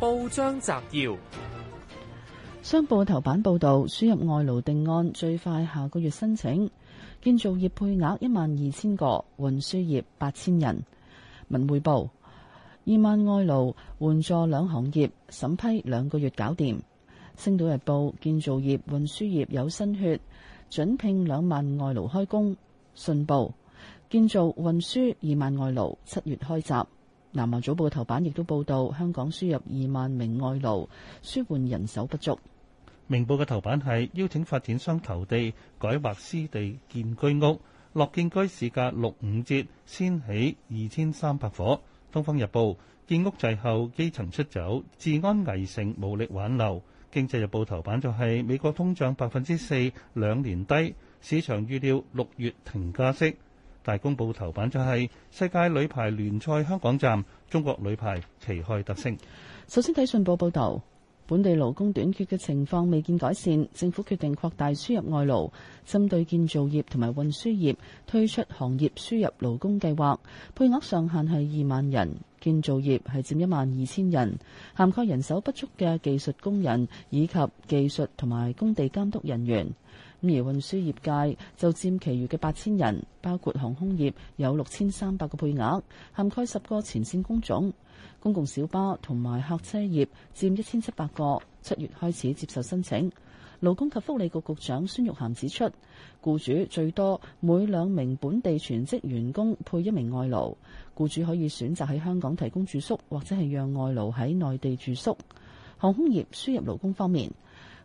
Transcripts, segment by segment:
報章摘要：商報頭版報道，輸入外勞定案最快下個月申請，建造業配額一萬二千個，運輸業八千人。文匯報：二萬外勞援助兩行業，審批兩個月搞掂。星島日報：建造業、運輸業有新血，準聘兩萬外勞開工。信報：建造、運輸二萬外勞七月開閘。南華早報的頭版亦都報道，香港輸入二萬名外勞，舒緩人手不足。明報嘅頭版係邀請發展商投地，改劃私地建居屋。樂建居市價六五折，先起二千三百伙。東方日報建屋滯後，基層出走，治安危城，無力挽留。經濟日報頭版就係美國通脹百分之四，兩年低，市場預料六月停加息。大公布頭版就係世界女排聯賽香港站，中國女排旗開得勝。首先睇信報報道，本地勞工短缺嘅情況未見改善，政府決定擴大輸入外勞，針對建造業同埋運輸業推出行業輸入勞工計劃，配額上限係二萬人，建造業係佔一萬二千人，涵蓋人手不足嘅技術工人以及技術同埋工地監督人員。而運輸業界就佔其餘嘅八千人，包括航空業有六千三百個配額，涵蓋十個前線工種。公共小巴同埋客車業佔一千七百個，七月開始接受申請。勞工及福利局局，局長孫玉菡指出，僱主最多每兩名本地全職員工配一名外勞，僱主可以選擇喺香港提供住宿，或者係讓外勞喺內地住宿。航空業輸入勞工方面。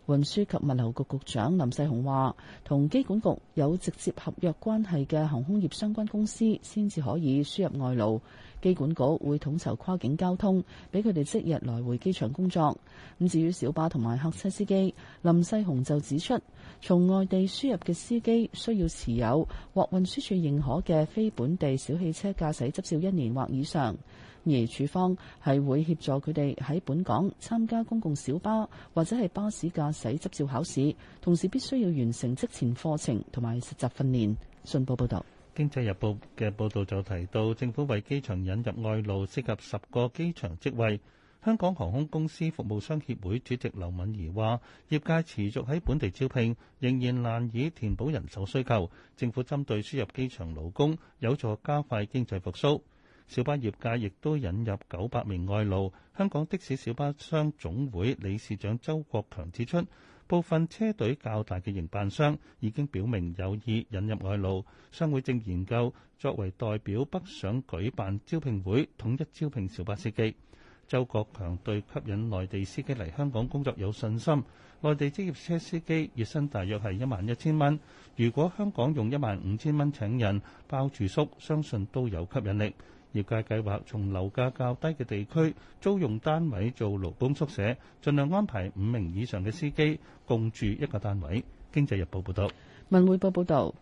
運輸及物流局局長林世雄話，同機管局有直接合約關係嘅航空業相關公司，先至可以輸入外勞。機管局會統籌跨境交通，俾佢哋即日來回機場工作。咁至於小巴同埋客車司機，林世雄就指出，從外地輸入嘅司機需要持有獲運輸署認可嘅非本地小汽車駕駛執照一年或以上。而處方係會協助佢哋喺本港參加公共小巴或者係巴士駕駛執照考試，同時必須要完成職前課程同埋實習訓練。信報報道，《經濟日報》嘅報導就提到，政府為機場引入外勞，涉及十個機場職位。香港航空公司服務商協會主席劉敏儀話，業界持續喺本地招聘，仍然難以填補人手需求。政府針對輸入機場勞工，有助加快經濟復甦。小巴業界亦都引入九百名外勞。香港的士小巴商總會理事長周國強指出，部分車隊較大嘅營辦商已經表明有意引入外勞，商會正研究作為代表北上舉辦招聘會，統一招聘小巴司機。周國強對吸引內地司機嚟香港工作有信心。內地職業車司機月薪大約係一萬一千蚊，如果香港用一萬五千蚊請人包住宿，相信都有吸引力。業界計劃從樓價較低嘅地區租用單位做勞工宿舍，盡量安排五名以上嘅司機共住一個單位。經濟日報報道，文匯報報道，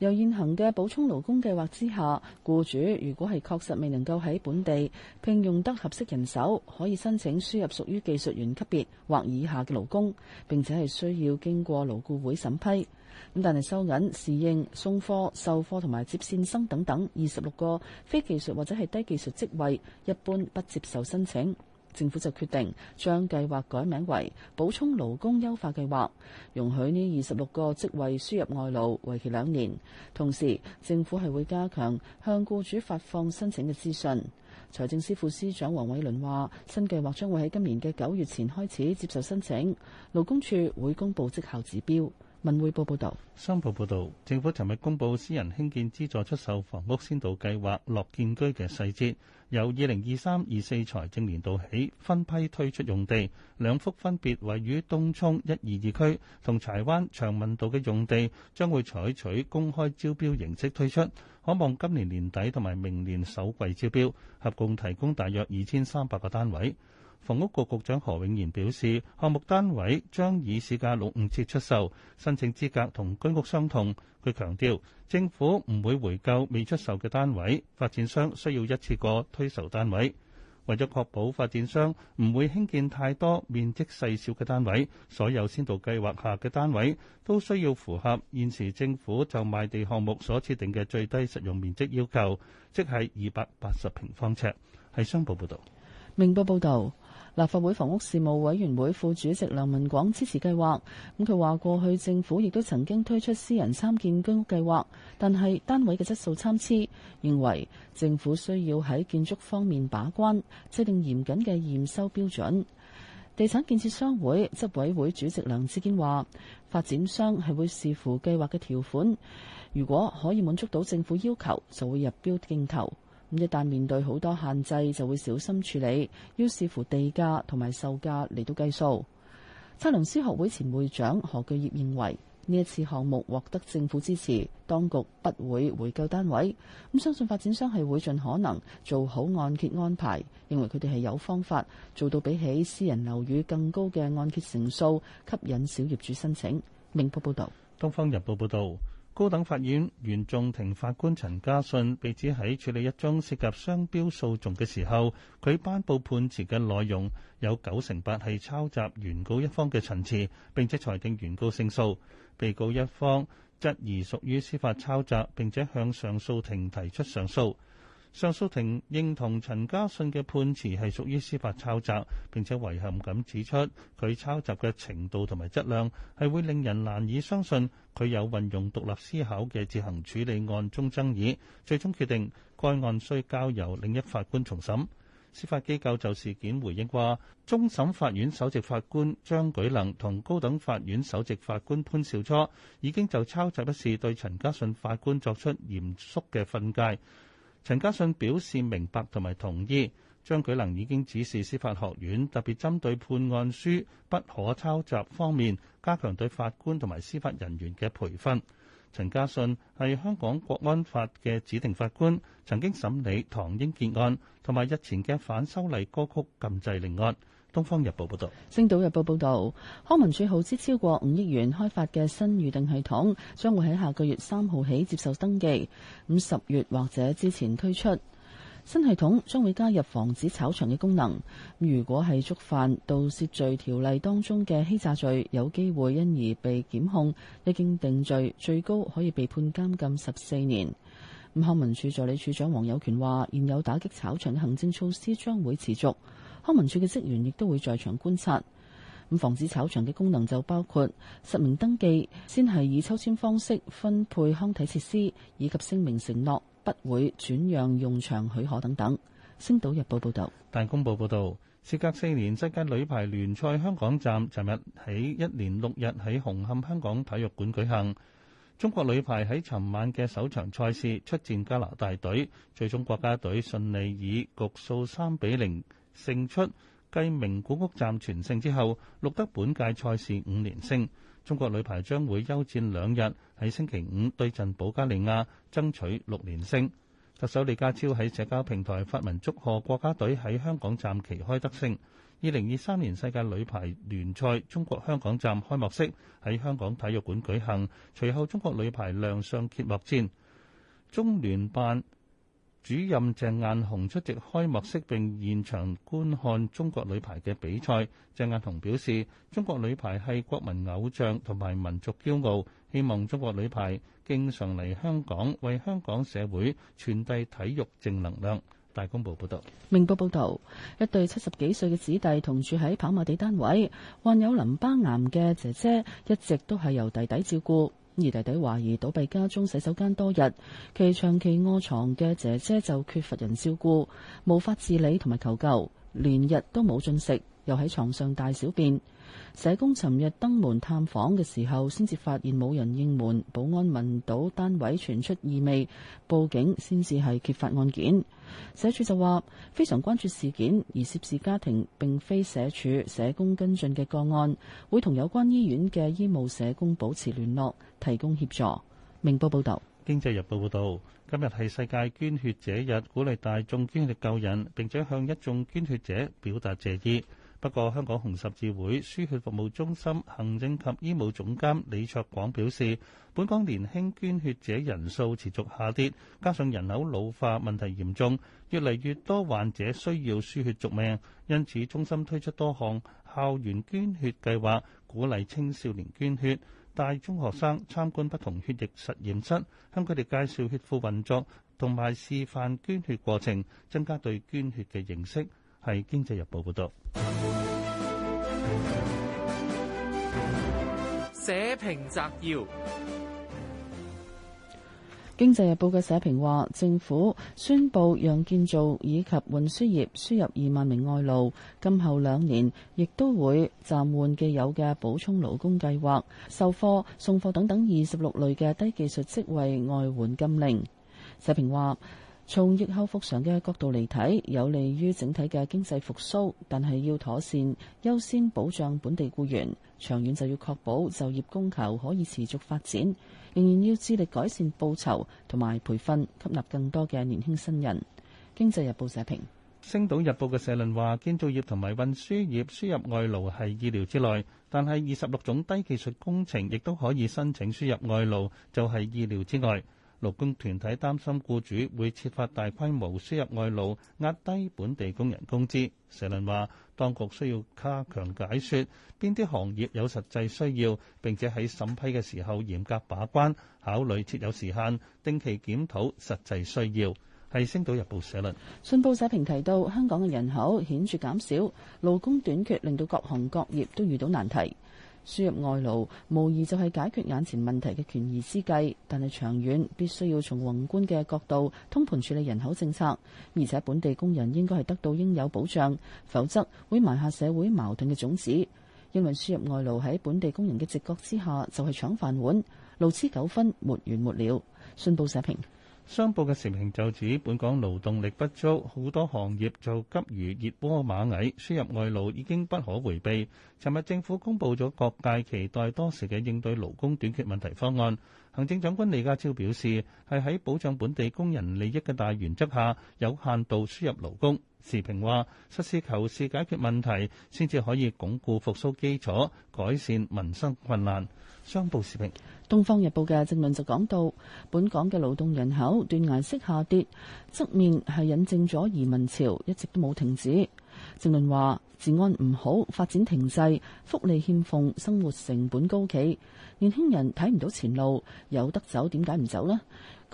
由現行嘅補充勞工計劃之下，僱主如果係確實未能夠喺本地聘用得合適人手，可以申請輸入屬於技術員級別或以下嘅勞工，並且係需要經過勞顧會審批。咁但係收銀、侍應、送貨、售貨同埋接線生等等二十六個非技術或者係低技術職位，一般不接受申請。政府就決定將計劃改名為補充勞工優化計劃，容許呢二十六個職位輸入外勞，為期兩年。同時，政府係會加強向僱主發放申請嘅資訊。財政司副司長黃偉倫話：新計劃將會喺今年嘅九月前開始接受申請，勞工處會公布績效指標。文匯報報道，商報報道，政府尋日公布私人興建資助出售房屋先導計劃樂建居嘅細節，由2023、24財政年度起分批推出用地，兩幅分別位於東涌122區同柴灣長民道嘅用地，將會採取公開招標形式推出，可望今年年底同埋明年首季招標，合共提供大約2300個單位。房屋局局長何永賢表示，項目單位將以市價六五折出售，申請資格同居屋相同。佢強調，政府唔會回購未出售嘅單位，發展商需要一次過推售單位。為咗確保發展商唔會興建太多面積細小嘅單位，所有先導計劃下嘅單位都需要符合現時政府就賣地項目所設定嘅最低實用面積要求，即係二百八十平方尺。係商報報道。明立法會房屋事務委員會副主席梁文廣支持計劃，咁佢話過去政府亦都曾經推出私人參建居屋計劃，但係單位嘅質素參差，認為政府需要喺建築方面把關，制定嚴謹嘅驗收標準。地產建設商會執委會主席梁志堅話：發展商係會視乎計劃嘅條款，如果可以滿足到政府要求，就會入標競投。一旦面對好多限制，就會小心處理，要視乎地價同埋售價嚟到計數。測量師學會前會長何巨業認為，呢一次項目獲得政府支持，當局不會回購單位。咁相信發展商係會盡可能做好按揭安排，認為佢哋係有方法做到比起私人樓宇更高嘅按揭成數，吸引小業主申請。明報報道。東方日報報道。高等法院原訟庭法官陳家信被指喺處理一宗涉及商標訴訟嘅時候，佢頒布判詞嘅內容有九成八係抄襲原告一方嘅陳詞，並且裁定原告勝訴。被告一方質疑屬於司法抄襲，並且向上訴庭提出上訴。上訴庭認同陳家信嘅判詞係屬於司法抄襲，並且遺憾咁指出佢抄襲嘅程度同埋質量係會令人難以相信佢有運用獨立思考嘅自行處理案中爭議，最終決定該案須交由另一法官重審。司法機構就事件回應話，終審法院首席法官張舉能同高等法院首席法官潘兆初已經就抄襲一事對陳家信法官作出嚴肅嘅訓戒。陳家信表示明白同埋同意，張舉能已經指示司法學院特別針對判案書不可抄襲方面加強對法官同埋司法人員嘅培訓。陳家信係香港國安法嘅指定法官，曾經審理唐英傑案同埋日前嘅反修例歌曲禁制令案。《東方日報》報導，《星島日報》報導，康文署耗資超過五億元開發嘅新預訂系統，將會喺下個月三號起接受登記，咁十月或者之前推出。新系統將會加入防止炒場嘅功能。如果係觸犯《盜竊罪條例》當中嘅欺詐罪，有機會因而被檢控，一經定罪，最高可以被判監禁十四年。康文署助理處長黃有權話：現有打擊炒場嘅行政措施將會持續。康文署嘅職員亦都會在場觀察，咁防止炒場嘅功能就包括實名登記，先係以抽籤方式分配康體設施，以及聲明承諾不會轉讓用場許可等等。星島日報報道。大公報報道，時隔四年世界女排聯賽香港站，尋日喺一連六日喺紅磡香港體育館舉行。中國女排喺尋晚嘅首場賽事出戰加拿大隊，最終國家隊順利以局數三比零，勝出繼名古屋站全勝之後，錄得本屆賽事五連勝。中國女排將會休戰兩日，喺星期五對陣保加利亞爭取六連勝。特首李家超喺社交平台發文祝賀國家隊喺香港站旗開得勝。二零二三年世界女排聯賽中國香港站開幕式喺香港體育館舉行，隨後中國女排亮相揭幕戰。中聯辦主任鄭雁雄出席開幕式並現場觀看中國女排嘅比賽。鄭雁雄表示，中國女排係國民偶像同埋民族驕傲，希望中國女排經常嚟香港為香港社會傳遞體育正能量。大公報報道。明報報道，一對七十幾歲嘅子弟同住喺跑馬地單位，患有淋巴癌嘅姐姐一直都係由弟弟照顧。主持人陣而弟弟懷疑倒斃家中洗手間多日，其長期臥床嘅姐姐就缺乏人照顧，無法自理同埋求救，連日都冇進食，又喺床上大小便。社工尋日登門探訪嘅時候，先至發現冇人應門，保安聞到單位傳出異味，報警，先至係揭發案件。社署就話非常關注事件，而涉事家庭並非社署社工跟進嘅個案，會同有關醫院嘅醫務社工保持聯絡，提供協助。明報報道。經濟日報報道，今日係世界捐血者日，鼓勵大眾捐血救人，並且向一眾捐血者表達謝意。不過，香港紅十字會輸血服務中心行政及醫務總監李卓廣表示，本港年輕捐血者人數持續下跌，加上人口老化問題嚴重，越嚟越多患者需要輸血續命，因此中心推出多項校園捐血計劃，鼓勵青少年捐血，帶中學生參觀不同血液實驗室，向佢哋介紹血庫運作，同埋示範捐血過程，增加對捐血嘅認識。係《經濟日報》報道。社評摘要：經濟日報嘅社評話，政府宣布讓建造以及運輸業輸入二萬名外勞，今後兩年亦都會暫緩既有嘅補充勞工計劃，售貨、送貨等等二十六類嘅低技術職位外援禁令。社評話。從疫後復常嘅角度嚟睇，有利於整體嘅經濟復甦，但係要妥善，優先保障本地雇員，長遠就要確保就業供求可以持續發展，仍然要致力改善報酬同埋培訓，吸納更多嘅年輕新人。經濟日報社評。星島日報嘅社論話，建造業同埋運輸業輸入外勞係意料之內，但係二十六種低技術工程亦都可以申請輸入外勞，就係意料之外。勞工團體擔心雇主會設法大規模輸入外勞，壓低本地工人工資。社論話，當局需要加強解說邊啲行業有實際需要，並且喺審批嘅時候嚴格把關，考慮設有時限，定期檢討實際需要。係《星島日報》社論。信報社評提到，香港嘅人口顯著減少，勞工短缺令到各行各業都遇到難題。輸入外勞無疑就係解決眼前問題嘅權宜之計，但係長遠必須要從宏觀嘅角度通盤處理人口政策，而且本地工人應該係得到應有保障，否則會埋下社會矛盾嘅種子。因為輸入外勞喺本地工人嘅直覺之下就係搶飯碗，勞資糾紛沒完沒了。信報社評。商報嘅時評就指本港勞動力不足，好多行業就急如熱鍋螞蟻，輸入外勞已經不可回避，尋日政府公布咗各界期待多時嘅應對勞工短缺問題方案。行政長官李家超表示，係喺保障本地工人利益嘅大原則下，有限度輸入勞工。時評話：實事求是解決問題，先至可以鞏固復甦基礎，改善民生困難。商報時評，《東方日報》嘅正論就講到，本港嘅勞動人口斷崖式下跌，側面係引證咗移民潮一直都冇停止。正論話：治安唔好，發展停滯，福利欠奉，生活成本高企，年輕人睇唔到前路，有得走點解唔走呢？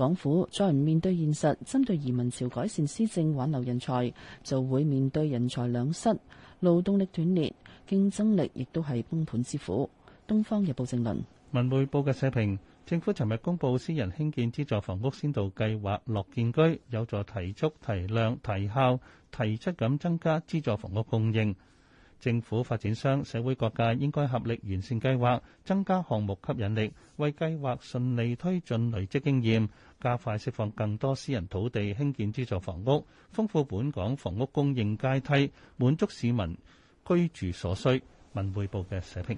港府再唔面對現實，針對移民潮改善施政，挽留人才，就會面對人才兩失、勞動力斷裂、競爭力亦都係崩盤之苦。《東方日報》正論。《文匯報》嘅社評，政府尋日公布私人興建資助房屋先導計劃落建居，有助提速、提量、提效，提質，咁增加資助房屋供應。政府、發展商、社會各界應該合力完善計劃，增加項目吸引力，為計劃順利推進累積經驗，加快釋放更多私人土地興建資助房屋，豐富本港房屋供應階梯，滿足市民居住所需。文匯報嘅社評。